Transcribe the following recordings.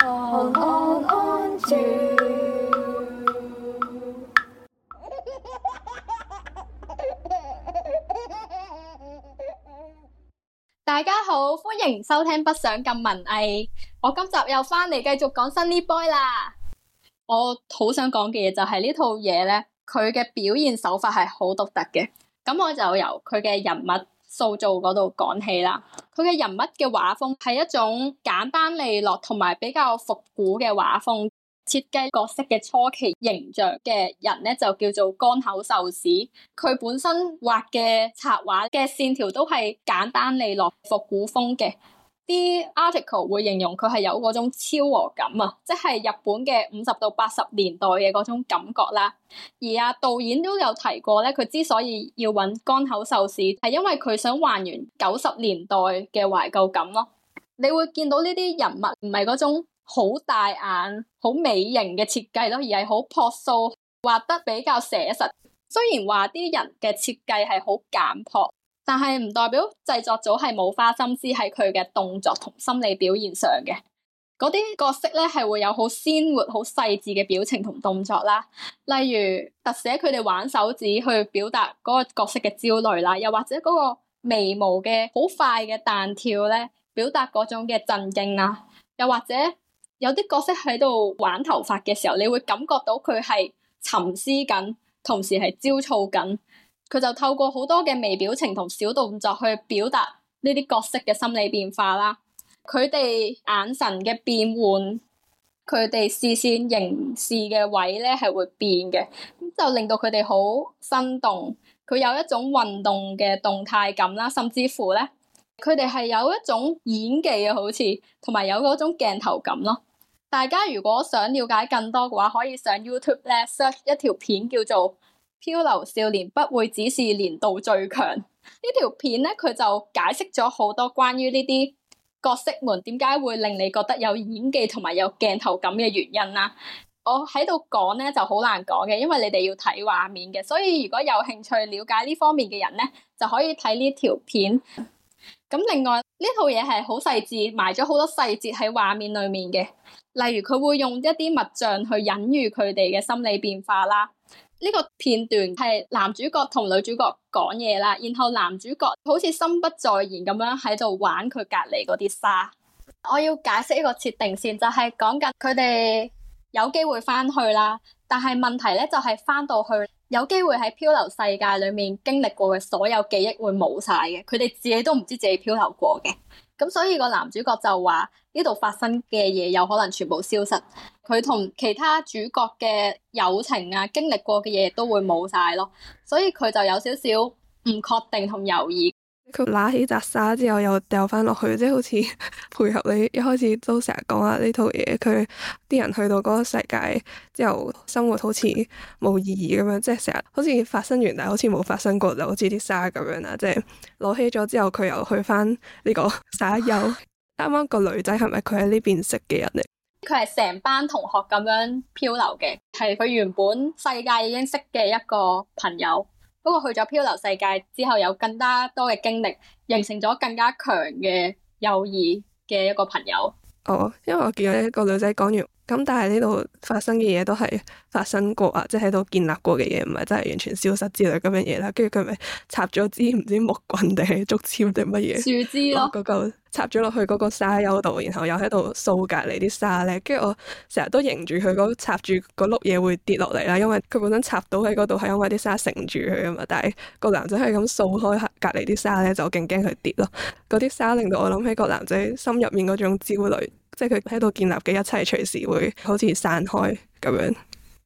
All, all, on, 大家好，歡迎收聽《不想咁文藝》。我今集又翻嚟繼續講《Sonny Boy》啦。我好想講嘅嘢就係呢套嘢咧，佢嘅表現手法係好獨特嘅。咁我就由佢嘅人物塑造嗰度講起啦，佢嘅人物嘅畫風係一種簡單利落同埋比較復古嘅畫風。設計角色嘅初期形象嘅人咧，就叫做江口壽史。佢本身畫嘅插畫嘅線條都係簡單利落、復古風嘅。啲 article 會形容佢係有嗰種昭和感啊，即係日本嘅五十到八十年代嘅嗰種感覺啦。而阿、啊、導演都有提過咧，佢之所以要揾江口壽史，係因為佢想還原九十年代嘅懷舊感咯。你會見到呢啲人物唔係嗰種好大眼、好美型嘅設計咯，而係好樸素，畫得比較寫實。雖然話啲人嘅設計係好簡樸。但係唔代表製作組係冇花心思喺佢嘅動作同心理表現上嘅。嗰啲角色咧係會有好鮮活、好細緻嘅表情同動作啦。例如特寫佢哋玩手指去表達嗰個角色嘅焦慮啦，又或者嗰個眉毛嘅好快嘅彈跳咧，表達嗰種嘅震驚啦。又或者有啲角色喺度玩頭髮嘅時候，你會感覺到佢係沉思緊，同時係焦躁緊。佢就透過好多嘅微表情同小動作去表達呢啲角色嘅心理變化啦。佢哋眼神嘅變換，佢哋視線凝視嘅位咧係會變嘅，咁就令到佢哋好生動。佢有一種運動嘅動態感啦，甚至乎咧，佢哋係有一種演技嘅，好似同埋有嗰種鏡頭感咯。大家如果想了解更多嘅話，可以上 YouTube 咧 search 一條片叫做。漂流少年不會只是年度最強。呢條片咧，佢就解釋咗好多關於呢啲角色們點解會令你覺得有演技同埋有鏡頭感嘅原因啦。我喺度講咧就好難講嘅，因為你哋要睇畫面嘅，所以如果有興趣了解呢方面嘅人咧，就可以睇呢條片。咁另外，呢套嘢係好細緻埋咗好多細節喺畫面裏面嘅，例如佢會用一啲物像去隱喻佢哋嘅心理變化啦。呢個片段係男主角同女主角講嘢啦，然後男主角好似心不在焉咁樣喺度玩佢隔離嗰啲沙。我要解釋一個設定先，就係講緊佢哋有機會翻去啦，但係問題咧就係翻到去有機會喺漂流世界裡面經歷過嘅所有記憶會冇晒嘅，佢哋自己都唔知自己漂流過嘅。咁所以個男主角就話呢度發生嘅嘢，有可能全部消失，佢同其他主角嘅友情啊，經歷過嘅嘢都會冇晒咯，所以佢就有少少唔確定同猶豫。佢拿起扎沙之後又掉翻落去，即係好似配合你一開始都成日講下呢套嘢。佢啲人去到嗰個世界之後，生活好似冇意義咁樣，即係成日好似發生完，但係好似冇發生過，就好似啲沙咁樣啦。即係攞起咗之後，佢又去翻呢個沙丘。啱啱 個女仔係咪佢喺呢邊識嘅人嚟？佢係成班同學咁樣漂流嘅，係佢原本世界已經識嘅一個朋友。不過去咗漂流世界之後，有更加多嘅經歷，形成咗更加強嘅友誼嘅一個朋友。哦，因為我見到一個女仔講完咁，但係呢度發生嘅嘢都係發生過啊，即係喺度建立過嘅嘢，唔係真係完全消失之類咁樣嘢啦。跟住佢咪插咗支唔知木棍定係竹籤定乜嘢樹枝咯？嗰嚿。插咗落去嗰個沙丘度，然後又喺度掃隔籬啲沙咧，跟住我成日都迎住佢插住嗰碌嘢會跌落嚟啦，因為佢本身插到喺嗰度係因為啲沙承住佢啊嘛，但係個男仔係咁掃開隔籬啲沙咧，就勁驚佢跌咯。嗰啲沙令到我諗起個男仔心入面嗰種焦慮，即係佢喺度建立嘅一切，隨時會好似散開咁樣。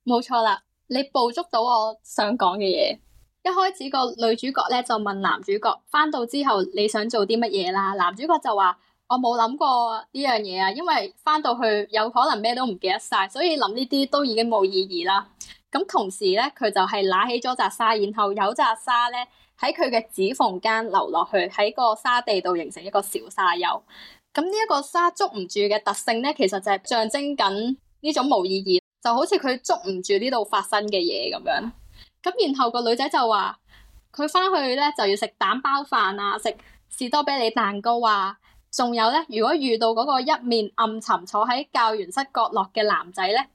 冇錯啦，你捕捉到我想講嘅嘢。一開始個女主角咧就問男主角返到之後你想做啲乜嘢啦？男主角就話，我冇諗過呢樣嘢啊，因為返到去有可能咩都唔記得晒，所以諗呢啲都已經冇意義啦。咁同時咧，佢就係揦起咗紮沙，然後有紮沙咧喺佢嘅指縫間流落去，喺個沙地度形成一個小沙丘。咁呢一個沙捉唔住嘅特性咧，其實就係象徵緊呢種冇意義，就好似佢捉唔住呢度發生嘅嘢咁樣。咁然後個女仔就話，佢翻去咧就要食蛋包飯啊，食士多啤梨蛋糕啊，仲有咧，如果遇到嗰個一面暗沉坐喺教員室角落嘅男仔咧，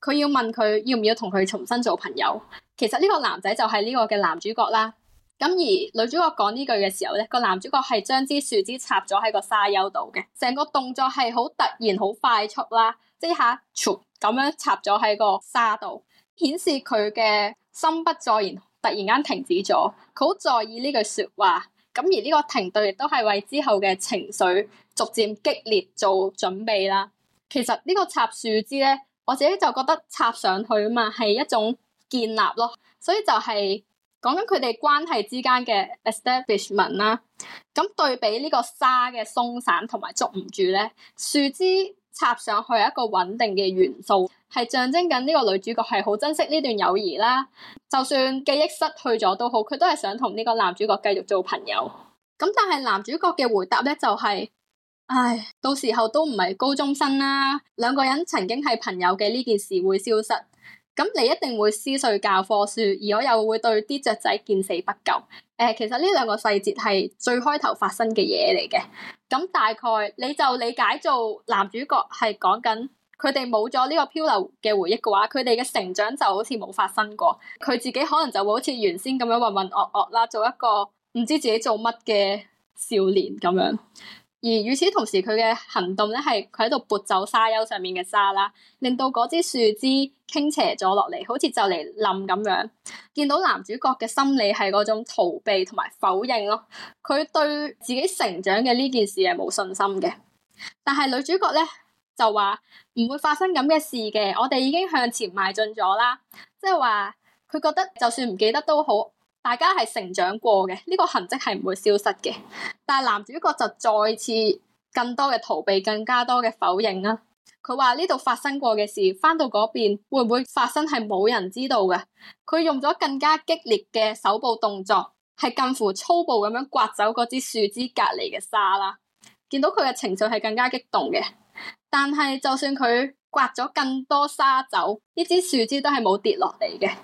佢要問佢要唔要同佢重新做朋友。其實呢個男仔就係呢個嘅男主角啦。咁而女主角講呢句嘅時候咧，個男主角係將支樹枝插咗喺個沙丘度嘅，成個動作係好突然好快速啦，即下咁樣插咗喺個沙度，顯示佢嘅。心不在焉，突然間停止咗。佢好在意呢句說話，咁而呢個停頓亦都係為之後嘅情緒逐漸激烈做準備啦。其實呢個插樹枝咧，我自己就覺得插上去啊嘛，係一種建立咯。所以就係講緊佢哋關係之間嘅 establishment 啦。咁對比呢個沙嘅鬆散同埋捉唔住咧，樹枝。插上去一個穩定嘅元素，係象徵緊呢個女主角係好珍惜呢段友誼啦。就算記憶失去咗都好，佢都係想同呢個男主角繼續做朋友。咁，嗯，但係男主角嘅回答咧就係，是：唉，到時候都唔係高中生啦，兩個人曾經係朋友嘅呢件事會消失。咁你一定會撕碎教科書，而我又會對啲雀仔見死不救。誒、呃，其實呢兩個細節係最開頭發生嘅嘢嚟嘅。咁大概你就理解做男主角係講緊佢哋冇咗呢個漂流嘅回憶嘅話，佢哋嘅成長就好似冇發生過。佢自己可能就會好似原先咁樣渾渾噩噩啦，做一個唔知自己做乜嘅少年咁樣。而與此同時，佢嘅行動咧係佢喺度撥走沙丘上面嘅沙啦，令到嗰支樹枝傾斜咗落嚟，好似就嚟冧咁樣。見到男主角嘅心理係嗰種逃避同埋否認咯，佢對自己成長嘅呢件事係冇信心嘅。但係女主角咧就話：「唔會發生咁嘅事嘅，我哋已經向前邁進咗啦。」即係話佢覺得就算唔記得都好。大家係成長過嘅，呢、這個痕迹係唔會消失嘅。但係男主角就再次更多嘅逃避，更加多嘅否認啦。佢話呢度發生過嘅事，翻到嗰邊會唔會發生係冇人知道嘅。佢用咗更加激烈嘅手部動作，係近乎粗暴咁樣刮走嗰支樹枝隔籬嘅沙啦。見到佢嘅情緒係更加激動嘅，但係就算佢刮咗更多沙走，呢支樹枝都係冇跌落嚟嘅。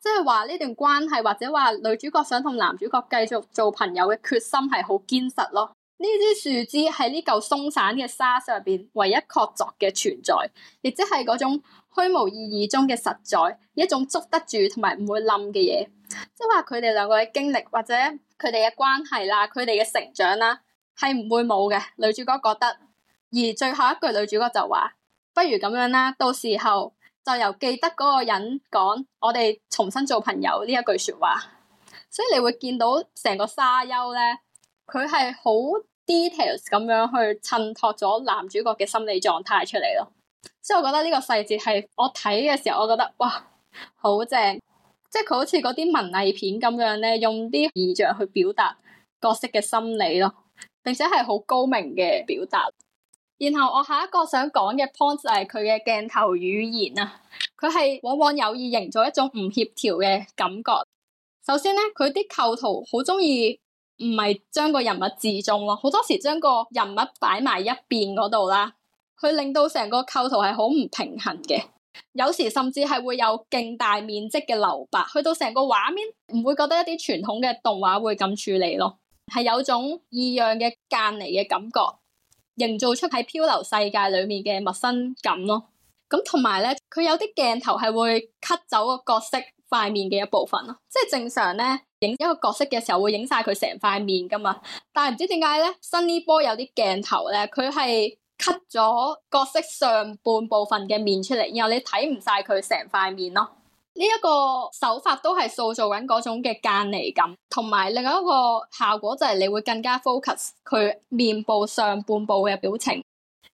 即係話呢段關係，或者話女主角想同男主角繼續做朋友嘅決心係好堅實咯。呢支樹枝係呢嚿鬆散嘅沙石入邊唯一確鑿嘅存在，亦即係嗰種虛無意義中嘅實在，一種捉得住同埋唔會冧嘅嘢。即係話佢哋兩個嘅經歷或者佢哋嘅關係啦，佢哋嘅成長啦，係唔會冇嘅。女主角覺得，而最後一句女主角就話：不如咁樣啦，到時候。就由記得嗰個人講，我哋重新做朋友呢一句説話，所以你會見到成個沙丘咧，佢係好 details 咁樣去襯托咗男主角嘅心理狀態出嚟咯。所以我覺得呢個細節係我睇嘅時候，我覺得哇，就是、好正！即係佢好似嗰啲文藝片咁樣咧，用啲意象去表達角色嘅心理咯，並且係好高明嘅表達。然後我下一個想講嘅 point 就係佢嘅鏡頭語言啊，佢係往往有意營造一種唔協調嘅感覺。首先咧，佢啲構圖好中意唔係將個人物置中咯，好多時將個人物擺埋一邊嗰度啦，佢令到成個構圖係好唔平衡嘅。有時甚至係會有勁大面積嘅留白，去到成個畫面唔會覺得一啲傳統嘅動畫會咁處理咯，係有種異樣嘅間離嘅感覺。營造出喺漂流世界裏面嘅陌生感咯，咁同埋咧，佢有啲鏡頭係會 cut 走個角色塊面嘅一部分咯，即係正常咧影一個角色嘅時候會影晒佢成塊面噶嘛，但係唔知點解咧，新呢波有啲鏡頭咧，佢係 cut 咗角色上半部分嘅面出嚟，然後你睇唔晒佢成塊面咯。呢一個手法都係塑造緊嗰種嘅間離感，同埋另外一個效果就係你會更加 focus 佢面部上半部嘅表情。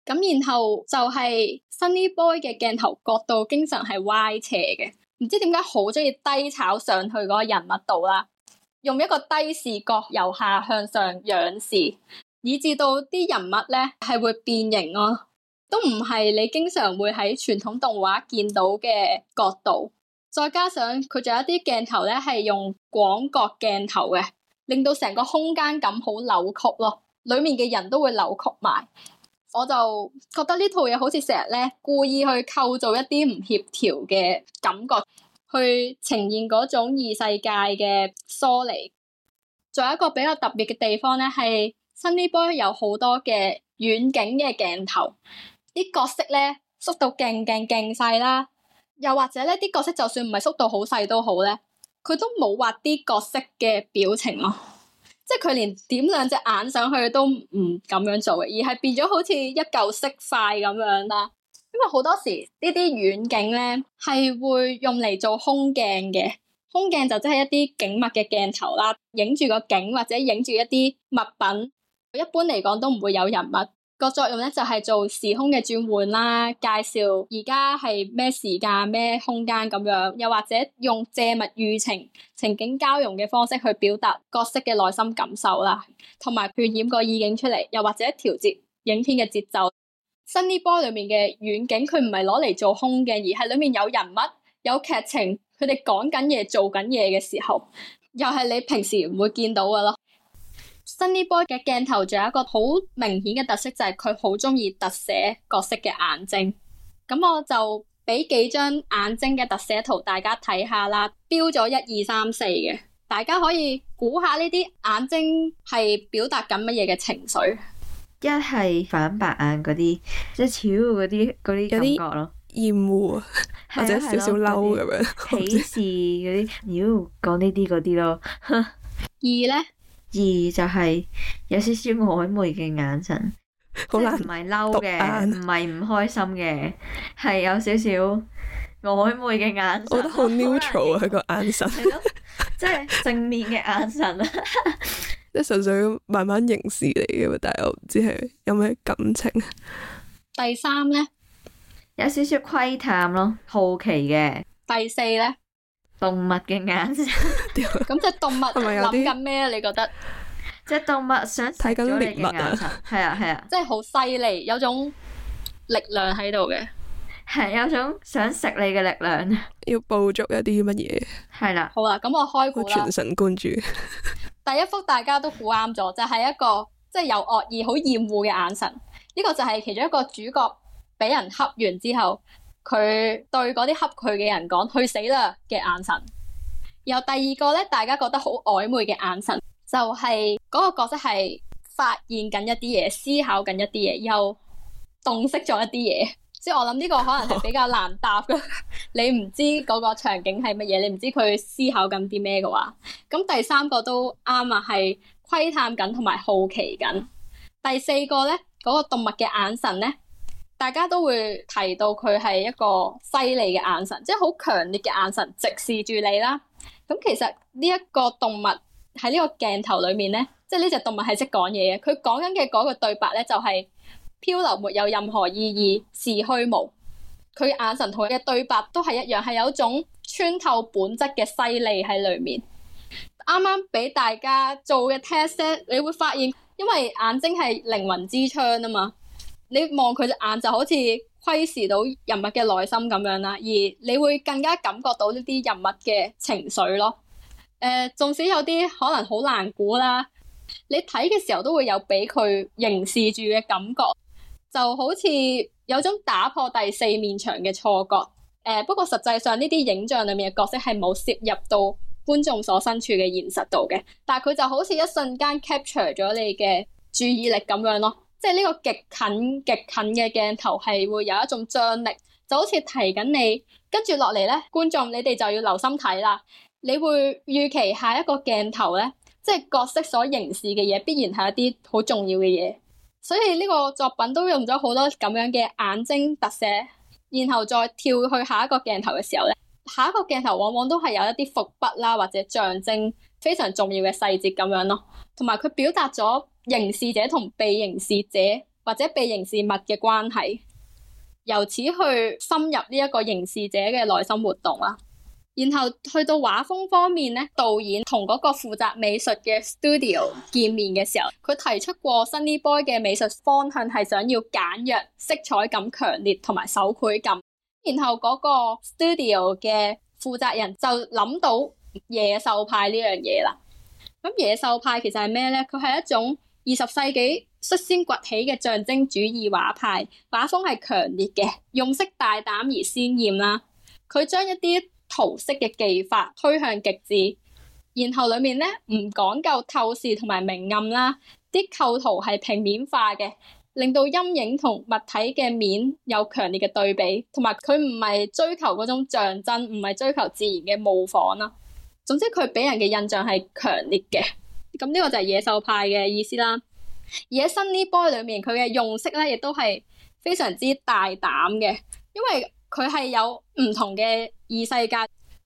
咁然後就係 Sunny Boy 嘅鏡頭角度經常係歪斜嘅，唔知點解好中意低炒上去嗰個人物度啦。用一個低視角由下向上仰視，以至到啲人物咧係會變形咯，啊。都唔係你經常會喺傳統動畫見到嘅角度。再加上佢仲有一啲鏡頭咧，係用廣角鏡頭嘅，令到成個空間感好扭曲咯。裡面嘅人都會扭曲埋，我就覺得套呢套嘢好似成日咧故意去構造一啲唔協調嘅感覺，去呈現嗰種異世界嘅疏離。仲有一個比較特別嘅地方咧，係《Sonny Boy》有好多嘅遠景嘅鏡頭，啲角色咧縮到勁勁勁細啦。又或者呢啲角色就算唔係縮到好細都好咧，佢都冇畫啲角色嘅表情咯， 即係佢連點兩隻眼上去都唔咁樣做嘅，而係變咗好似一嚿色塊咁樣啦。因為好多時呢啲遠景咧係會用嚟做空鏡嘅，空鏡就即係一啲景物嘅鏡頭啦，影住個景或者影住一啲物品，一般嚟講都唔會有人物。個作用咧就係做時空嘅轉換啦，介紹而家係咩時間咩空間咁樣，又或者用借物喻情、情景交融嘅方式去表達角色嘅內心感受啦，同埋渲染個意境出嚟，又或者調節影片嘅節奏。Sonny Boy 裏面嘅遠景，佢唔係攞嚟做空鏡，而係裏面有人物、有劇情，佢哋講緊嘢、做緊嘢嘅時候，又係你平時唔會見到嘅咯。Sonny Boy 嘅鏡頭仲有一個好明顯嘅特色，就係佢好中意特寫角色嘅眼睛，咁我就俾幾張眼睛嘅特寫圖大家睇下啦，標咗一二三四嘅，大家可以估下呢啲眼睛係表達緊乜嘢嘅情緒？一係反白眼嗰啲，即係超嗰啲嗰啲感覺咯，厭惡或者少少嬲咁樣，鄙視嗰啲，妖講 呢啲嗰啲咯。二咧？二就係有少少曖昧嘅眼神，好難唔係嬲嘅，唔係唔開心嘅，係有少少曖昧嘅眼神。我覺得好 neutral 啊，佢個 眼神， 即係正面嘅眼神啊，即係純粹慢慢凝視你嘅，但係我唔知係有咩感情。第三咧有少少窺探咯，好奇嘅。第四咧。動物嘅眼神、 嗯，咁隻動物諗緊咩？你覺得隻動物想食咗你嘅眼神，係啊係啊，即係好犀利，有種力量喺度嘅，係有種想食你嘅力量，要捕捉一啲乜嘢？係啦、啊，好啦、啊，咁我開估啦，我全神貫注。 第一幅大家都估啱咗，就係、是、一個即係、就是、有惡意、好厭惡嘅眼神。呢、這個就係其中一個主角俾人恰完之後。佢對嗰啲恰佢嘅人講，去死啦嘅眼神。然後第二個咧，大家覺得好曖昧嘅眼神，就係嗰個角色係發現緊一啲嘢，思考緊一啲嘢，又洞悉咗一啲嘢。即係我諗呢個可能係比較難答嘅， 你唔知嗰個場景係乜嘢，你唔知佢思考緊啲咩嘅話。咁第三個都啱啊，係窺探緊同埋好奇緊。第四個咧，嗰個動物嘅眼神咧。大家都會提到佢係一個犀利嘅眼神，即係好強烈嘅眼神直視住你啦。咁其實呢一個動物喺呢個鏡頭裏面呢，即係呢隻動物係識講嘢嘅。佢講緊嘅嗰個對白呢、就是，就係漂流沒有任何意義，是虛無。佢眼神同佢嘅對白都係一樣，係有一種穿透本質嘅犀利喺裏面。啱啱俾大家做嘅 test，你會發現，因為眼睛係靈魂之窗啊嘛。你望佢隻眼就好似窺視到人物嘅內心咁樣啦，而你會更加感覺到呢啲人物嘅情緒咯。誒、呃，縱使有啲可能好難估啦，你睇嘅時候都會有俾佢凝視住嘅感覺，就好似有種打破第四面牆嘅錯覺。誒、呃，不過實際上呢啲影像裏面嘅角色係冇涉入到觀眾所身處嘅現實度嘅，但係佢就好似一瞬間 capture 咗你嘅注意力咁樣咯。即係呢個極近極近嘅鏡頭係會有一種張力，就好似提緊你，跟住落嚟呢，觀眾你哋就要留心睇啦。你會預期下一個鏡頭呢，即係角色所凝視嘅嘢，必然係一啲好重要嘅嘢。所以呢個作品都用咗好多咁樣嘅眼睛特寫，然後再跳去下一個鏡頭嘅時候呢，下一個鏡頭往往都係有一啲伏筆啦，或者象徵非常重要嘅細節咁樣咯，同埋佢表達咗。凝視者同被凝視者或者被凝視物嘅關係，由此去深入呢一個凝視者嘅內心活動啦。然後去到畫風方面咧，導演同嗰個負責美術嘅 studio 見面嘅時候，佢提出過《Sonny Boy》嘅美術方向係想要簡約、色彩感強烈同埋手繪感。然後嗰個 studio 嘅負責人就諗到野獸派呢樣嘢啦。咁野獸派其實係咩呢？佢係一種。二十世紀率先崛起嘅象徵主義畫派，畫風係強烈嘅，用色大膽而鮮艷啦。佢將一啲圖式嘅技法推向極致，然後裏面咧唔講究透視同埋明暗啦，啲構圖係平面化嘅，令到陰影同物體嘅面有強烈嘅對比，同埋佢唔係追求嗰種象徵，唔係追求自然嘅模仿啦。總之，佢俾人嘅印象係強烈嘅。咁呢個就係野獸派嘅意思啦。而喺《Sonny Boy》裏面，佢嘅用色咧，亦都係非常之大膽嘅，因為佢係有唔同嘅異世界，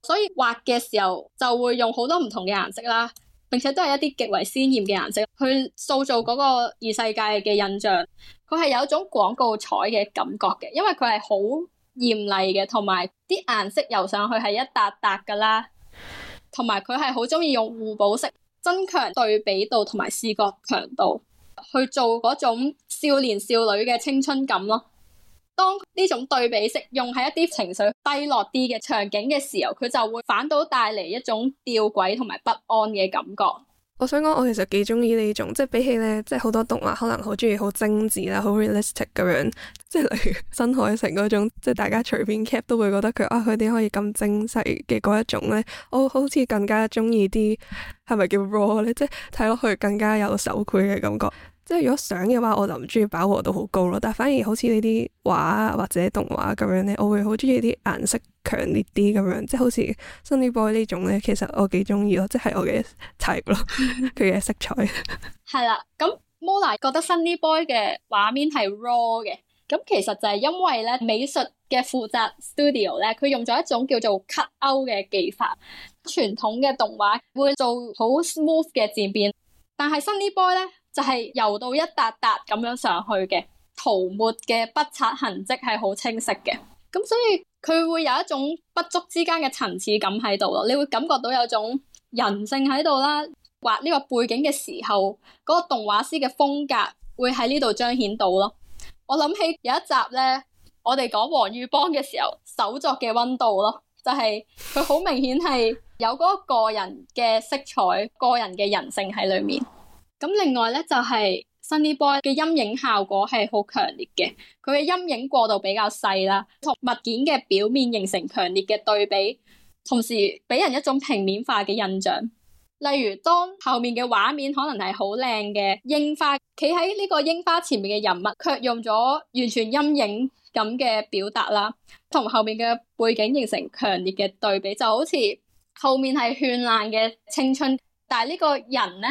所以畫嘅時候就會用好多唔同嘅顏色啦，並且都係一啲極為鮮艷嘅顏色去塑造嗰個異世界嘅印象。佢係有一種廣告彩嘅感覺嘅，因為佢係好艷麗嘅，同埋啲顏色油上去係一笪笪噶啦，同埋佢係好中意用互補色，增強對比度同埋視覺強度，去做嗰種少年少女嘅青春感咯。當呢種對比式用喺一啲情緒低落啲嘅場景嘅時候，佢就會反倒帶嚟一種吊詭同埋不安嘅感覺。我想講，我其實幾中意呢種，即係比起咧，即係好多動畫可能好中意好精緻啦，好 realistic 咁樣，即係例如新海誠嗰種，即係大家隨便 cap 都會覺得佢啊，佢點可以咁精細嘅嗰一種咧，我好似更加中意啲，係咪叫 raw 咧？即係睇落去更加有手繪嘅感覺。即係如果想嘅話，我就唔中意飽和度好高咯。但係反而好似呢啲畫或者動畫咁樣咧，我會好中意啲顏色強烈啲咁樣。即係好似《Sonny Boy》呢種咧，其實我幾中意咯，即係我嘅題材咯，佢嘅色彩。係啦，咁 Mola 覺得《Sonny Boy》嘅畫面係 raw 嘅。咁其實就係因為咧美術嘅負責 studio 咧，佢用咗一種叫做 cut out 嘅技法。傳統嘅動畫會做好 smooth 嘅漸變，但係《Sonny Boy》咧。就係游到一笪笪咁樣上去嘅，塗抹嘅筆刷痕跡係好清晰嘅，咁所以佢會有一種筆觸之間嘅層次感喺度咯，你會感覺到有種人性喺度啦，畫呢個背景嘅時候，嗰個動畫師嘅風格會喺呢度彰顯到咯。我諗起有一集咧，我哋講黃裕邦嘅時候，手作嘅溫度咯，就係佢好明顯係有嗰個個人嘅色彩、個人嘅人性喺裏面。咁另外咧，就係 Sonny Boy 嘅陰影效果係好強烈嘅，佢嘅陰影過度比較細啦，同物件嘅表面形成強烈嘅對比，同時俾人一種平面化嘅印象。例如，當後面嘅畫面可能係好靚嘅櫻花，企喺呢個櫻花前面嘅人物，卻用咗完全陰影咁嘅表達啦，同後面嘅背景形成強烈嘅對比，就好似後面係絢爛嘅青春，但係呢個人咧。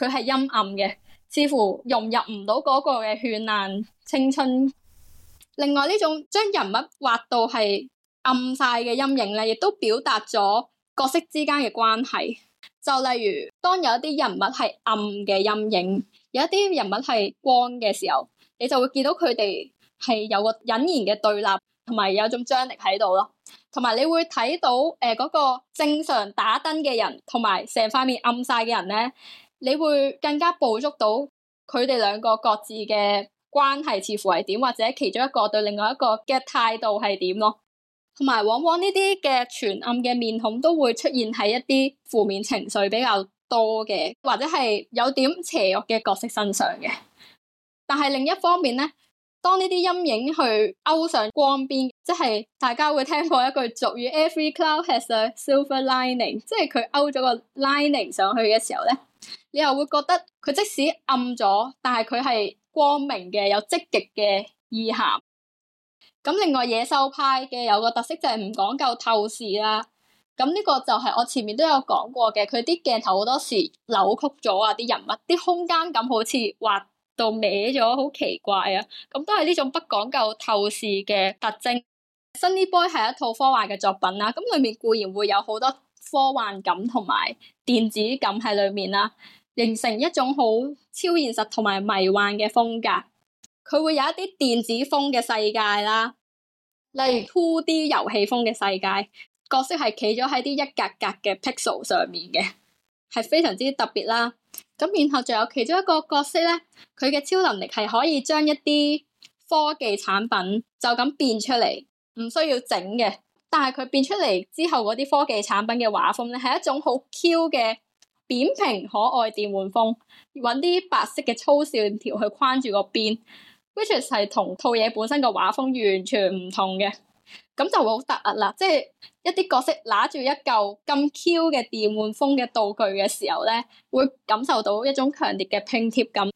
佢係陰暗嘅，似乎融入唔到嗰個嘅絢爛青春。另外呢種將人物畫到係暗晒嘅陰影咧，亦都表達咗角色之間嘅關係。就例如當有一啲人物係暗嘅陰影，有一啲人物係光嘅時候，你就會見到佢哋係有個隱形嘅對立，同埋有一種張力喺度咯。同埋你會睇到誒嗰、呃嗰個正常打燈嘅人，同埋成塊面暗晒嘅人咧。你會更加捕捉到佢哋兩個各自嘅關係，似乎係點，或者其中一個對另外一個嘅態度係點咯。同埋，往往呢啲嘅全暗嘅面孔都會出現喺一啲負面情緒比較多嘅，或者係有點邪惡嘅角色身上嘅。但係另一方面咧，當呢啲陰影去勾上光邊，即係大家會聽過一句俗語：Every cloud has a silver lining，即係佢勾咗個 lining 上去嘅時候咧。你又會覺得佢即使暗咗，但係佢係光明嘅，有積極嘅意涵。咁另外野獸派嘅有個特色就係唔講究透視啦。咁呢個就係我前面都有講過嘅，佢啲鏡頭好多時扭曲咗啊，啲人物啲空間感好似畫到歪咗，好奇怪啊！咁都係呢種不講究透視嘅特徵。《Sonny Boy》係一套科幻嘅作品啦，咁裏面固然會有好多。科幻感同埋電子感喺裏面啦，形成一種好超現實同埋迷幻嘅風格。佢會有一啲電子風嘅世界啦，例如 2D 遊戲風嘅世界，角色係企咗喺啲一格格嘅 pixel 上面嘅，係非常之特別啦。咁然後仲有其中一個角色咧，佢嘅超能力係可以將一啲科技產品就咁變出嚟，唔需要整嘅。但係佢變出嚟之後嗰啲科技產品嘅畫風咧，係一種好 Q 嘅扁平可愛電玩風，揾啲白色嘅粗線條去框住個邊，which 係同套嘢本身個畫風完全唔同嘅，咁就會好突兀啦。即係一啲角色拿住一嚿咁 Q 嘅電玩風嘅道具嘅時候咧，會感受到一種強烈嘅拼貼感。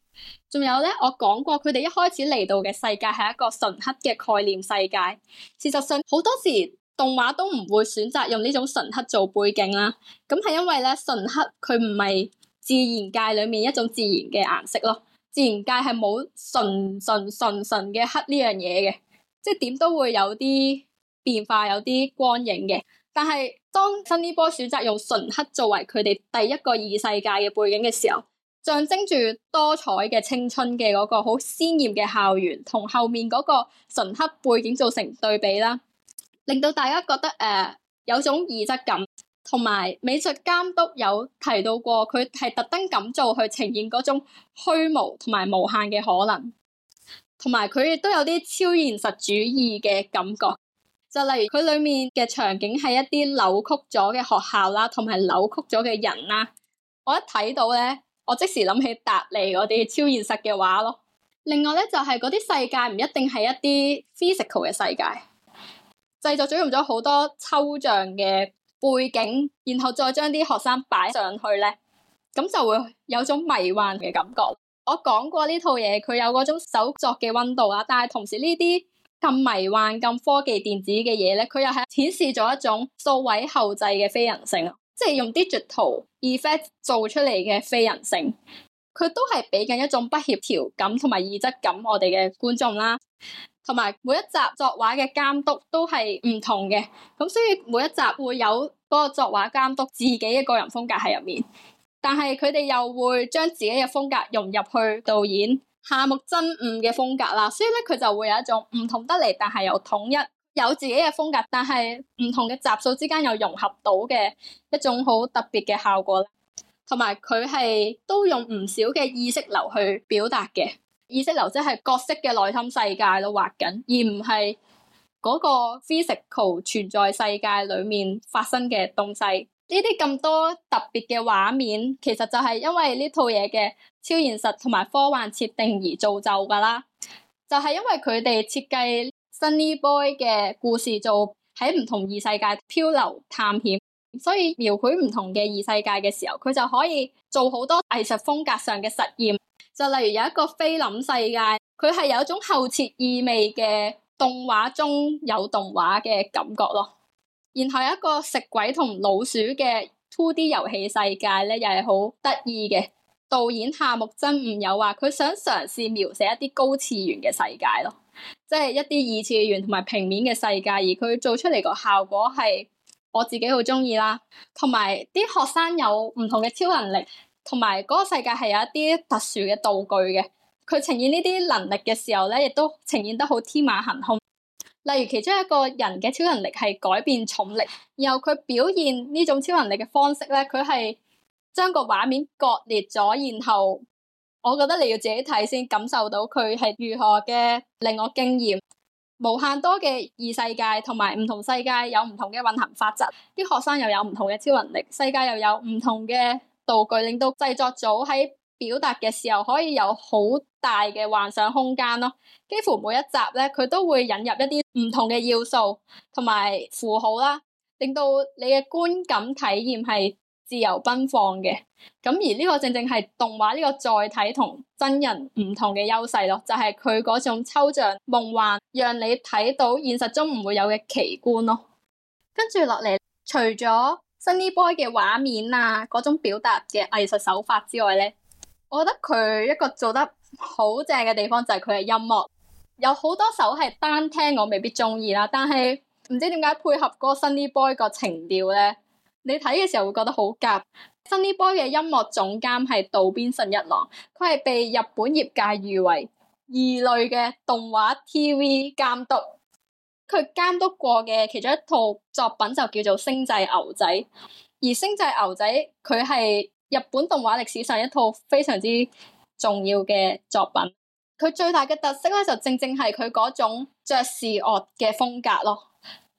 仲有咧，我講過佢哋一開始嚟到嘅世界係一個純黑嘅概念世界，事實上好多時，動畫都唔會選擇用呢種純黑做背景啦，咁係因為咧純黑佢唔係自然界裏面一種自然嘅顏色咯，自然界係冇純純純純嘅黑呢樣嘢嘅，即係點都會有啲變化，有啲光影嘅。但係當新呢波選擇用純黑作為佢哋第一個異世界嘅背景嘅時候，象徵住多彩嘅青春嘅嗰個好鮮艷嘅校園，同後面嗰個純黑背景做成對比啦。令到大家覺得誒、uh, 有種異質感，同埋美術監督有提到過，佢係特登咁做去呈現嗰種虛無同埋無限嘅可能，同埋佢亦都有啲超現實主義嘅感覺。就例如佢裏面嘅場景係一啲扭曲咗嘅學校啦，同埋扭曲咗嘅人啦。我一睇到咧，我即時諗起達利嗰啲超現實嘅畫咯。另外咧，就係嗰啲世界唔一定係一啲 physical 嘅世界。製作採用咗好多抽象嘅背景，然後再將啲學生擺上去咧，咁就會有種迷幻嘅感覺。我講過呢套嘢，佢有嗰種手作嘅溫度啊，但係同時呢啲咁迷幻、咁科技、電子嘅嘢咧，佢又係顯示咗一種數位後製嘅非人性，即係用 digital effect 做出嚟嘅非人性，佢都係俾緊一種不協調感同埋異質感，我哋嘅觀眾啦，同埋每一集作畫嘅監督都係唔同嘅，咁所以每一集會有嗰個作畫監督自己嘅個人風格喺入面，但係佢哋又會將自己嘅風格融入去導演夏目真悟嘅風格啦，所以咧佢就會有一種唔同得嚟，但係又統一有自己嘅風格，但係唔同嘅集數之間又融合到嘅一種好特別嘅效果。同埋佢係都用唔少嘅意識流去表達嘅意識流，即係角色嘅內心世界都畫緊，而唔係嗰個 physical 存在世界裡面發生嘅東西。呢啲咁多特別嘅畫面，其實就係因為呢套嘢嘅超現實同埋科幻設定而造就噶啦。就係、是、因為佢哋設計 Sunny Boy 嘅故事，做喺唔同異世界漂流探險。所以描繪唔同嘅異世界嘅時候，佢就可以做好多藝術風格上嘅實驗。就例如有一個菲林世界，佢係有一種後設意味嘅動畫中有動畫嘅感覺咯。然後有一個食鬼同老鼠嘅 2D 遊戲世界咧，又係好得意嘅。導演夏目真悟有話，佢想嘗試描寫一啲高次元嘅世界咯，即係一啲二次元同埋平面嘅世界，而佢做出嚟個效果係。我自己好中意啦，同埋啲學生有唔同嘅超能力，同埋嗰個世界係有一啲特殊嘅道具嘅。佢呈現呢啲能力嘅時候咧，亦都呈現得好天馬行空。例如其中一個人嘅超能力係改變重力，然後佢表現呢種超能力嘅方式咧，佢係將個畫面割裂咗，然後我覺得你要自己睇先感受到佢係如何嘅令我驚豔。無限多嘅異世界，同埋唔同世界有唔同嘅運行法則，啲學生又有唔同嘅超能力，世界又有唔同嘅道具，令到製作組喺表達嘅時候可以有好大嘅幻想空間咯。幾乎每一集咧，佢都會引入一啲唔同嘅要素同埋符號啦，令到你嘅觀感體驗係自由奔放嘅，咁而呢個正正係動畫呢個載體同真人唔同嘅優勢咯，就係佢嗰種抽象夢幻，讓你睇到現實中唔會有嘅奇觀咯。跟住落嚟，除咗《Sunny Boy》嘅畫面啊，嗰種表達嘅藝術手法之外呢，我覺得佢一個做得好正嘅地方就係佢嘅音樂，有好多首係單聽我未必中意啦，但係唔知點解配合嗰個《Sunny Boy》個情調呢。你睇嘅時候會覺得好夾。《Sonny Boy》嘅音樂總監係渡邊信一郎，佢係被日本業界譽為異類嘅動畫 TV 監督。佢監督過嘅其中一套作品就叫做《星際牛仔》，而《星際牛仔》佢係日本動畫歷史上一套非常之重要嘅作品。佢最大嘅特色咧就正正係佢嗰種爵士樂嘅風格咯，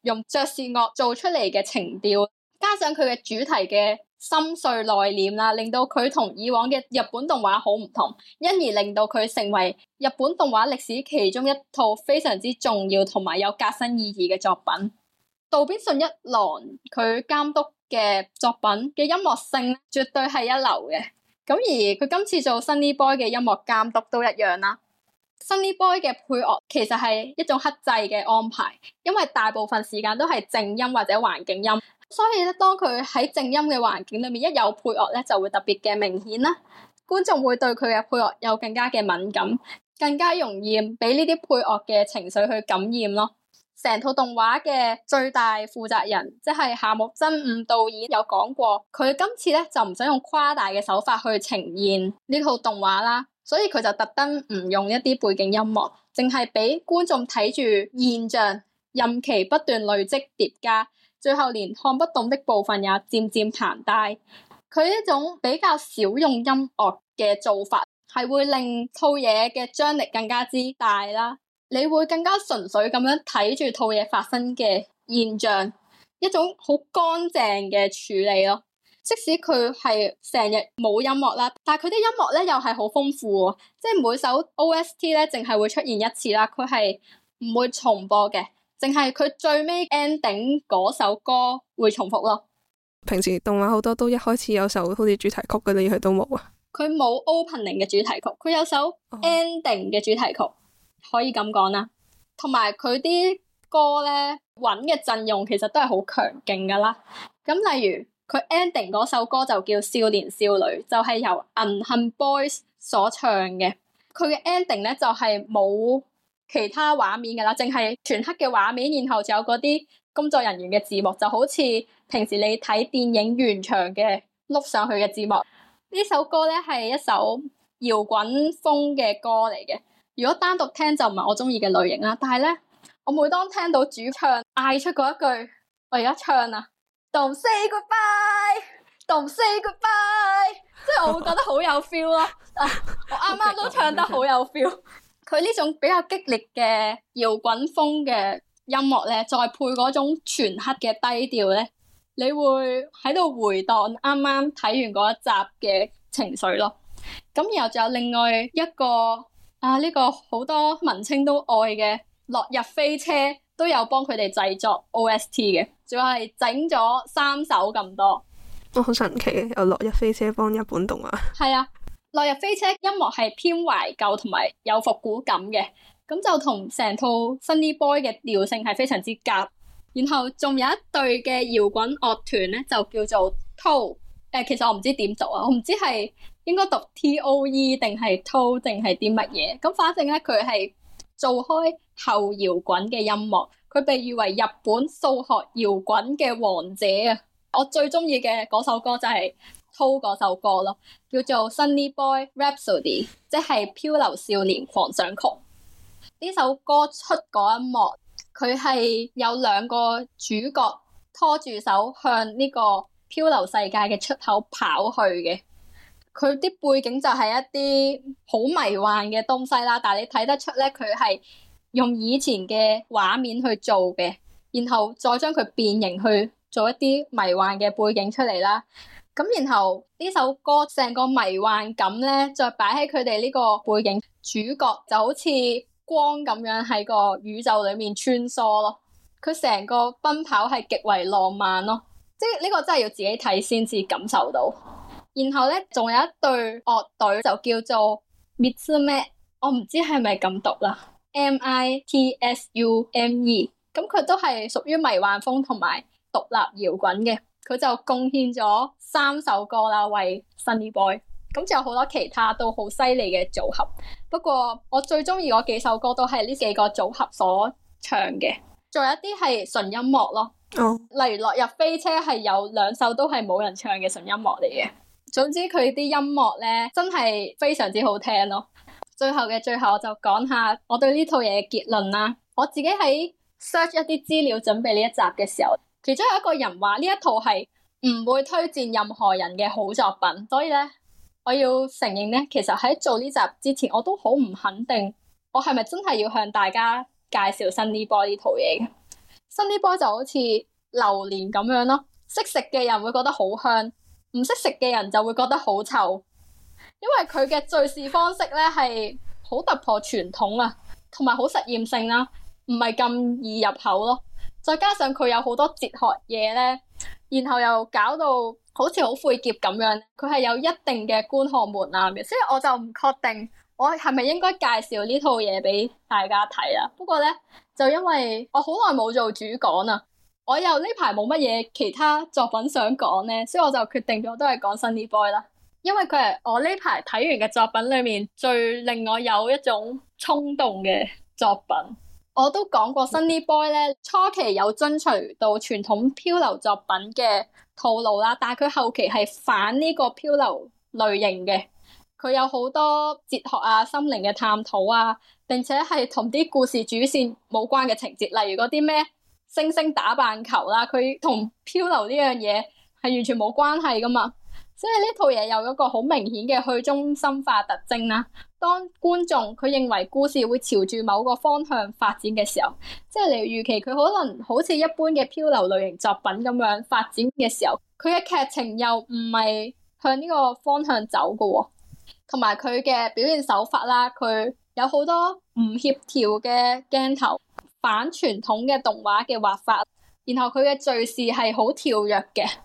用爵士樂做出嚟嘅情調。加上佢嘅主題嘅深邃內斂啦，令到佢同以往嘅日本動畫好唔同，因而令到佢成為日本動畫歷史其中一套非常之重要同埋有革新意義嘅作品。渡邊信一郎佢監督嘅作品嘅音樂性絕對係一流嘅，咁而佢今次做《Sonny Boy》嘅音樂監督都一樣啦，《Sonny Boy》嘅配樂其實係一種克制嘅安排，因為大部分時間都係靜音或者環境音。所以咧，當佢喺靜音嘅環境裏面，一有配樂咧，就會特別嘅明顯啦。觀眾會對佢嘅配樂有更加嘅敏感，更加容易俾呢啲配樂嘅情緒去感染咯。成套動畫嘅最大負責人，即係夏目真悟導演，有講過，佢今次咧就唔想用，用誇大嘅手法去呈現呢套動畫啦。所以佢就特登唔用一啲背景音樂，淨係俾觀眾睇住現象，任其不斷累積疊加。最後連看不懂的部分也漸漸龐大。佢一種比較少用音樂嘅做法，係會令套嘢嘅張力更加之大啦。你會更加純粹咁樣睇住套嘢發生嘅現象，一種好乾淨嘅處理咯。即使佢係成日冇音樂啦，但係佢啲音樂咧又係好豐富，即係每首 OST 咧淨係會出現一次啦，佢係唔會重播嘅。淨係佢最尾 ending 嗰首歌會重複咯。平時動畫好多都一開始有首好似主題曲嘅，你去都冇啊？佢冇 opening 嘅主題曲，佢有首 ending 嘅主題曲，哦、可以咁講啦。同埋佢啲歌咧，揾嘅陣容其實都係好強勁噶啦。咁例如佢 ending 嗰首歌就叫《少年少女》，就係、是、由銀杏 boys 所唱嘅。佢嘅 ending 咧就係冇。其他畫面嘅啦，淨係全黑嘅畫面，然後就有嗰啲工作人員嘅字幕，就好似平時你睇電影完場嘅碌上去嘅字幕。呢首歌咧係一首搖滾風嘅歌嚟嘅，如果單獨聽就唔係我中意嘅類型啦。但係咧，我每當聽到主唱嗌出嗰一句，我而家唱啦 ，Don't say goodbye，Don't say goodbye，Don't say goodbye 即係我會覺得好有 feel 咯、啊啊。我啱啱都唱得好有 feel。 佢呢種比較激烈嘅搖滾風嘅音樂咧，再配嗰種全黑嘅低調咧，你會喺度回盪啱啱睇完嗰一集嘅情緒咯。咁然後仲有另外一個啊，呢、呢個好多文青都愛嘅《落日飛車》都有幫佢哋製作 OST 嘅，仲係整咗三首咁多。哦，好神奇！有《落日飛車》幫日本動畫？係啊。《落日飛車》音樂係偏懷舊同埋有復古感嘅，咁就同成套《Sonny Boy》嘅調性係非常之夾。然後仲有一對嘅搖滾樂團咧，就叫做 Toe，呃，其實我唔知點讀啊，我唔知係應該讀 T O E 定係 Toe 定係啲乜嘢。咁反正咧，佢係做開後搖滾嘅音樂，佢被譽為日本數學搖滾嘅王者啊！我最中意嘅嗰首歌就係、是。《濤》嗰首歌咯，叫做《Sonny Boy Rhapsody》，即係《漂流少年狂想曲》。呢首歌出嗰一幕，佢係有兩個主角拖住手向呢個漂流世界嘅出口跑去嘅。佢啲背景就係一啲好迷幻嘅東西啦，但係你睇得出咧，佢係用以前嘅畫面去做嘅，然後再將佢變形去做一啲迷幻嘅背景出嚟啦。咁然後呢首歌成個迷幻感咧，再擺喺佢哋呢個背景，主角就好似光咁樣喺個宇宙裏面穿梭咯。佢成個奔跑係極為浪漫咯，即係呢個真係要自己睇先至感受到。然後咧，仲有一隊樂隊就叫做 Mitsume，我唔知係咪咁讀啦，M I T S U M E。咁佢都係屬於迷幻風同埋獨立搖滾嘅。佢就貢獻咗三首歌啦，為《Sonny Boy》。咁仲有好多其他都好犀利嘅組合。不過我最中意嗰幾首歌都係呢幾個組合所唱嘅。仲有一啲係純音樂咯，oh. 例如《落日飛車》係有兩首都係冇人唱嘅純音樂嚟嘅。總之佢啲音樂咧真係非常之好聽咯。最後嘅最後，我就講下我對呢套嘢嘅結論啦。我自己喺 search 一啲資料準備呢一集嘅時候。其中有一個人話：呢一套係唔會推薦任何人嘅好作品，所以咧，我要承認咧，其實喺做呢集之前，我都好唔肯定我係咪真係要向大家介紹《Sonny Boy》呢套嘢。《Sonny Boy》就好似榴蓮咁樣咯，識食嘅人會覺得好香，唔識食嘅人就會覺得好臭，因為佢嘅敘事方式咧係好突破傳統啊，同埋好實驗性啦，唔係咁易入口咯。再加上佢有好多哲學嘢咧，然後又搞到好似好晦澀咁樣，佢係有一定嘅觀看門檻嘅，所以我就唔確定我係咪應該介紹呢套嘢俾大家睇啊。不過咧，就因為我好耐冇做主講啊，我又呢排冇乜嘢其他作品想講咧，所以我就決定咗都係講《Sonny Boy》啦，因為佢係我呢排睇完嘅作品裏面最令我有一種衝動嘅作品。我都講過 Sonny Boy 咧，初期有遵循到傳統漂流作品嘅套路啦，但係佢後期係反呢個漂流類型嘅，佢有好多哲學啊、心靈嘅探討啊，並且係同啲故事主線冇關嘅情節，例如嗰啲咩星星打棒球啦，佢同漂流呢樣嘢係完全冇關係㗎嘛。所以呢套嘢有一個好明顯嘅去中心化特徵啦。當觀眾佢認為故事會朝住某個方向發展嘅時候，即係你預期佢可能好似一般嘅漂流類型作品咁樣發展嘅時候，佢嘅劇情又唔係向呢個方向走嘅喔。同埋佢嘅表現手法啦，佢有好多唔協調嘅鏡頭，反傳統嘅動畫嘅畫法，然後佢嘅敘事係好跳躍嘅。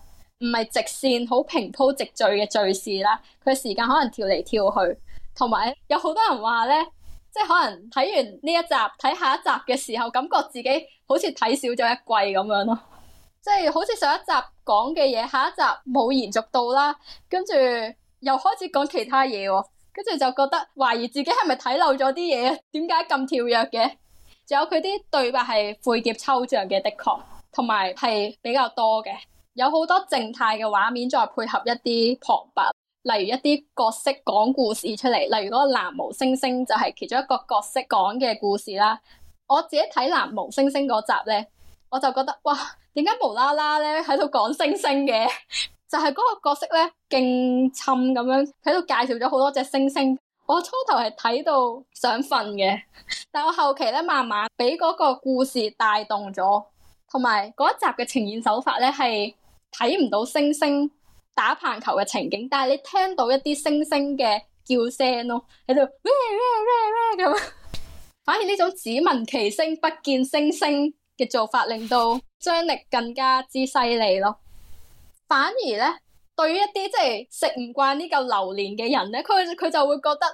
唔係直線好平鋪直敍嘅敘事啦，佢時間可能跳嚟跳去，同埋有好多人話呢，即係可能睇完呢一集睇下一集嘅時候，感覺自己好似睇少咗一季咁樣咯，即係好似上一集講嘅嘢，下一集冇延續到啦，跟住又開始講其他嘢喎，啊，跟住就覺得懷疑自己係咪睇漏咗啲嘢啊？點解咁跳躍嘅？仲有佢啲對白係晦澀抽象嘅，的確同埋係比較多嘅。有好多靜態嘅畫面，再配合一啲旁白，例如一啲角色講故事出嚟。例如嗰個藍毛星星就係、是、其中一個角色講嘅故事啦。我自己睇藍毛星星嗰集咧，我就覺得哇，點解無啦啦咧喺度講星星嘅？ 就係嗰個角色咧，勁親咁樣喺度介紹咗好多隻星星。我初頭係睇到想瞓嘅， 但我後期咧慢慢俾嗰個故事帶動咗，同埋嗰一集嘅呈現手法咧係。睇唔到星星打棒球嘅情景，但係你聽到一啲星星嘅叫聲咯，喺度咩咩咩咩咁。 反而呢種只聞其聲不見星星嘅做法，令到張力更加之犀利咯。反而呢，對於一啲即係食唔慣呢嚿榴蓮嘅人呢，佢佢就會覺得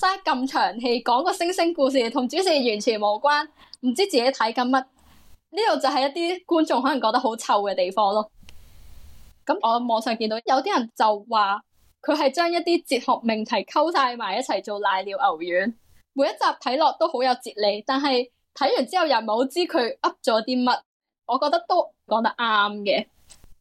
嘥咁長氣，講個星星故事同主持完全無關，唔知自己睇緊乜。呢度就係一啲觀眾可能覺得好臭嘅地方咯。咁我網上見到有啲人就話佢係將一啲哲學命題溝晒埋一齊做瀨尿牛丸，每一集睇落都好有哲理，但係睇完之後又唔好知佢噏咗啲乜。我覺得都講得啱嘅。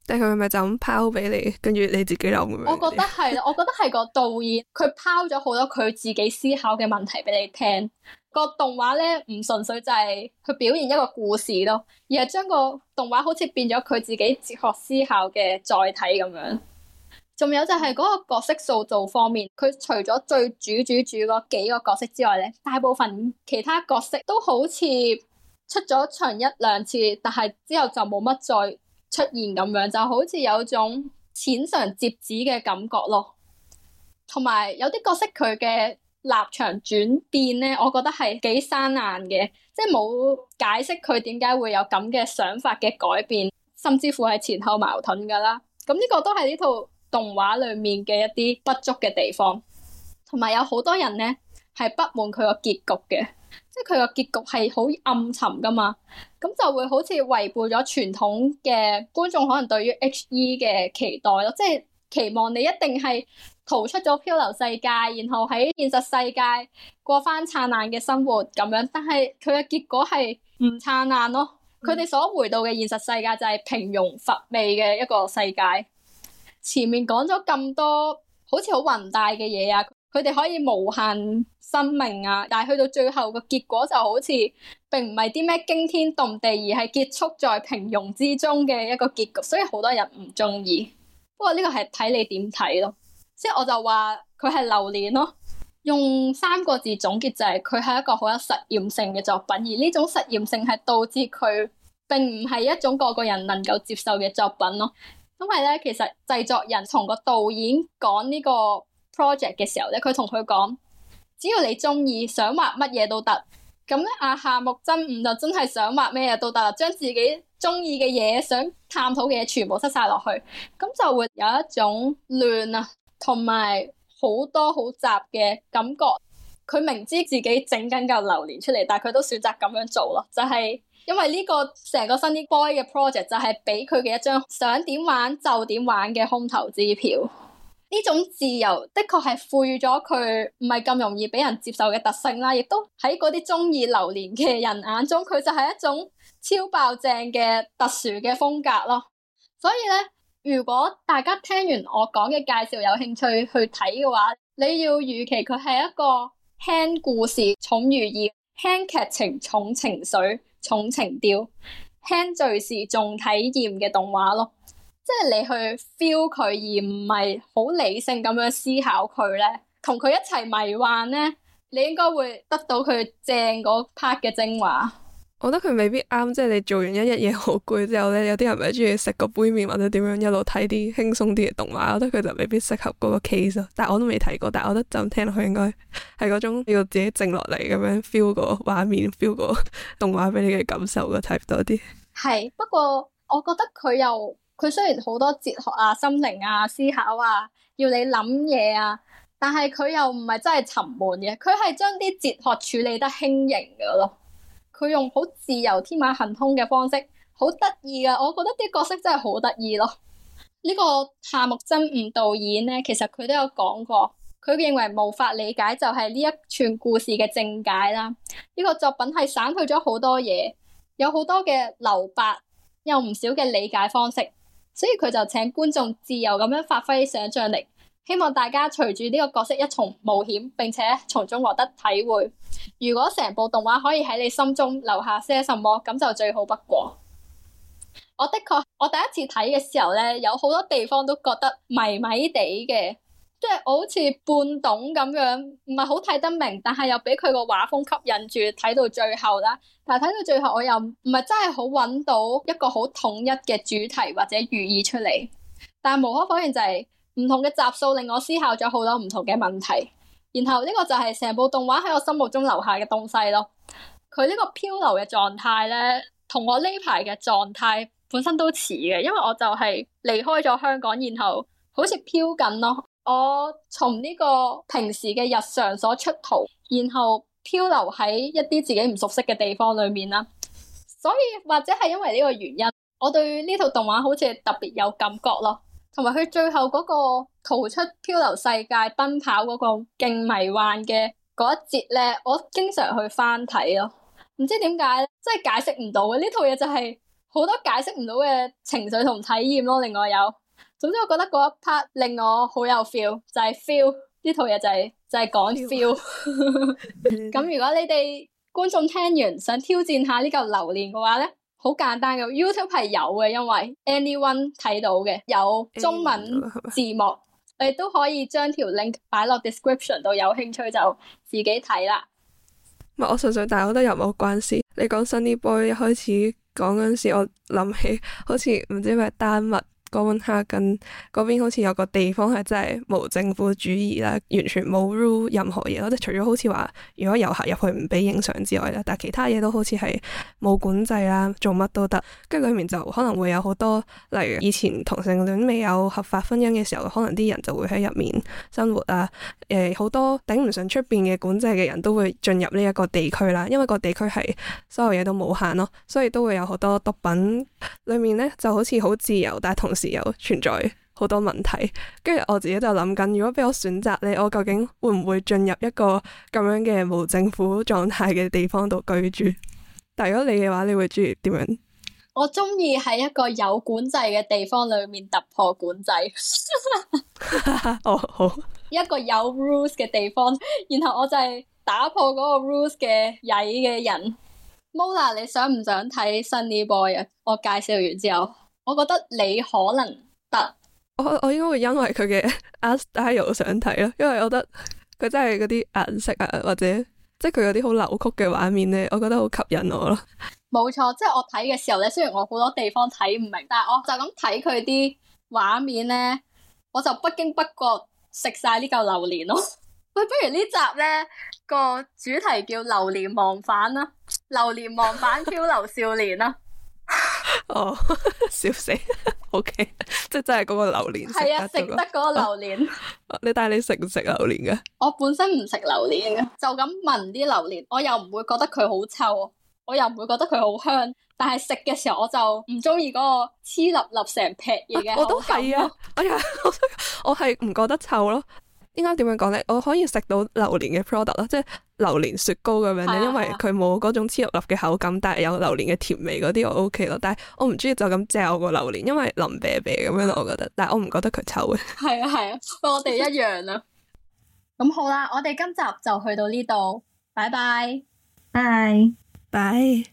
但係佢係咪就咁拋俾你，跟住你自己諗？ 我覺得係我覺得係個導演佢拋咗好多佢自己思考嘅問題俾你聽。個動畫咧，唔純粹就係去表現一個故事咯，而係將個動畫好似變咗佢自己哲學思考嘅載體咁樣。仲有就係嗰個角色塑造方面，佢除咗最主主主嗰幾個角色之外咧，大部分其他角色都好似出咗場一兩次，但係之後就冇乜再出現咁樣，就好似有種淺嘗輒止嘅感覺咯。同埋有啲角色佢嘅。立場轉變咧，我覺得係幾生硬嘅，即係冇解釋佢點解會有咁嘅想法嘅改變，甚至乎係前後矛盾噶啦。咁、嗯、呢、呢個都係呢套動畫裡面嘅一啲不足嘅地方，同埋有好多人咧係不滿佢個結局嘅，即係佢個結局係好暗沉噶嘛，咁就會好似違背咗傳統嘅觀眾可能對於 HE 嘅期待咯，即係。期望你一定係逃出咗漂流世界，然後喺現實世界過翻燦爛嘅生活咁樣，但係佢嘅結果係唔燦爛咯。佢哋、嗯、所回到嘅現實世界就係平庸乏味嘅一個世界。前面講咗咁多好似好宏大嘅嘢啊，佢哋可以無限生命啊，但係去到最後個結果就好似並唔係啲咩驚天動地，而係結束在平庸之中嘅一個結局，所以好多人唔中意。不過呢個係睇你點睇咯，即係我就話佢係榴蓮咯。用三個字總結就係佢係一個好有實驗性嘅作品，而呢種實驗性係導致佢並唔係一種個個人能夠接受嘅作品咯。因為咧，其實製作人同個導演講呢個 project 嘅時候咧，佢同佢講，只要你中意想畫乜嘢都得。咁咧，阿夏目真悟就真係想畫咩嘢都得，將自己。中意嘅嘢，想探討嘅嘢，全部塞晒落去，咁就會有一種亂啊，同埋好多好雜嘅感覺。佢明知自己整緊嚿榴蓮出嚟，但係佢都選擇咁樣做咯。就係因為呢個成個 Sonny Boy 嘅 project 就係俾佢嘅一張想點玩就點玩嘅空頭支票。呢種自由的確係賦予咗佢唔係咁容易俾人接受嘅特性啦，亦都喺嗰啲中意榴蓮嘅人眼中，佢就係一種，超爆正嘅特殊嘅風格咯，所以呢，如果大家聽完我講嘅介紹有興趣去睇嘅話，你要預期佢係一個輕故事、重寓意，輕劇情、重情緒、重情調，輕敘事、重體驗嘅動畫咯，即係你去 feel 佢而唔係好理性咁樣思考佢呢。同佢一齊迷幻呢，你應該會得到佢正嗰 part 嘅精華。我覺得佢未必啱，即係你做完一日嘢好攰之後咧，有啲人咪中意食個杯麵或者點樣，一路睇啲輕鬆啲嘅動畫。我覺得佢就未必適合嗰個 case。但係我都未睇過，但係我覺得就聽落去應該係嗰種要自己靜落嚟咁樣 feel 個畫面，feel 個動畫畀你嘅感受嘅 type 多啲。係不過我覺得佢又佢雖然好多哲學啊、心靈啊、思考啊，要你諗嘢啊，但係佢又唔係真係沉悶嘅，佢係將啲哲學處理得輕盈嘅咯。佢用好自由、天馬行空嘅方式，好得意啊！我覺得啲角色真係好得意咯。呢、這個夏目真悟導演呢，其實佢都有講過，佢認為無法理解就係呢一串故事嘅正解啦。呢、這個作品係省去咗好多嘢，有好多嘅留白，有唔少嘅理解方式，所以佢就請觀眾自由咁樣發揮想象力。希望大家隨住呢個角色一重冒險，並且從中獲得體會。如果成部動畫可以喺你心中留下些什麼，咁就最好不過。我的確，我第一次睇嘅時候呢，有好多地方都覺得迷迷地嘅，即係我好似半懂咁樣，唔係好睇得明，但係又俾佢個畫風吸引住，睇到最後啦。但係睇到最後，我又唔係真係好揾到一個好統一嘅主題或者寓意出嚟。但係無可否認就係。唔同嘅集數令我思考咗好多唔同嘅問題，然後呢個就係成部動畫喺我心目中留下嘅東西咯。佢呢個漂流嘅狀態呢，同我呢排嘅狀態本身都似嘅，因為我就係離開咗香港，然後好似漂緊咯。我從呢個平時嘅日常所出逃，然後漂流喺一啲自己唔熟悉嘅地方裏面啦。所以或者係因為呢個原因，我對呢套動畫好似特別有感覺咯。同埋佢最後嗰個逃出漂流世界、奔跑嗰個勁迷幻嘅嗰一節咧，我經常去翻睇咯。唔知點解，即真係解釋唔到嘅，呢套嘢就係好多解釋唔到嘅情緒同體驗咯。另外有，總之我覺得嗰一 part 令我好有 feel，就係 feel 呢套嘢就係、係、就係、係、講 feel。咁 如果你哋觀眾聽完想挑戰下個呢嚿榴蓮嘅話咧？好簡單嘅，YouTube 係有嘅，因為 anyone 睇到嘅有中文字幕，man, 你都可以將條 link 擺落 description 度，有興趣就自己睇啦。唔係我純粹，但係我得有冇關事？你講 Sonny Boy 開始講嗰陣時，我諗起好似唔知咩丹麥。哥本哈根嗰邊好似有個地方係真係無政府主義啦，完全冇 rule 任何嘢咯，即除咗好似話如果遊客入去唔俾影相之外啦，但係其他嘢都好似係冇管制啦，做乜都得。跟住裏面就可能會有好多，例如以前同性戀未有合法婚姻嘅時候，可能啲人就會喺入面生活啊。誒、呃，好多頂唔順出邊嘅管制嘅人都會進入呢一個地區啦，因為個地區係所有嘢都冇限咯，所以都會有好多毒品。裏面呢就好似好自由，但係同時，有存在好多問題，跟住我自己就諗緊，如果俾我選擇，你我究竟會唔會進入一個咁樣嘅無政府狀態嘅地方度居住？但如果你嘅話，你會中意點樣？我中意喺一個有管制嘅地方裏面突破管制。 哦，好，一個有 rules 嘅地方，然後我就係打破嗰個 rules 嘅曳嘅人。Mona，你想唔想睇 Sonny Boy 啊？我介紹完之後。我覺得你可能得我，我應該會因為佢嘅阿 style 想睇咯，因為我覺得佢真係嗰啲顏色啊，或者即係佢有啲好扭曲嘅畫面咧，我覺得好吸引我咯。冇錯，即係我睇嘅時候咧，雖然我好多地方睇唔明，但係我就咁睇佢啲畫面咧，我就不經不覺食晒呢嚿榴蓮咯。喂， 不如集呢集咧個主題叫《榴蓮忘返》啦，《榴蓮忘返漂流少年》啦。 哦，笑死 ，OK，即係真係嗰個榴蓮、那個，係啊，食得嗰個榴蓮、哦。你帶你食唔食榴蓮噶？我本身唔食榴蓮嘅，就咁聞啲榴蓮，我又唔會覺得佢好臭，我又唔會覺得佢好香。但係食嘅時候我黏黏黏、啊，我就唔中意嗰個黐粒粒成劈嘢嘅。我都係啊， 哎呀，我我係唔覺得臭咯。應該點樣講咧？我可以食到榴蓮嘅 product 咯，即係榴蓮雪糕咁樣咧，是啊是啊，因為佢冇嗰種黐肉粒嘅口感，但係有榴蓮嘅甜味嗰啲我 ok 咯。但係我唔中意就咁嚼個榴蓮，因為淋啤啤咁樣我覺得臉臉。是啊，但係我唔覺得佢臭嘅。係啊係 啊，我哋一樣啊。咁好啦，我哋今集就去到呢度，拜拜，拜拜。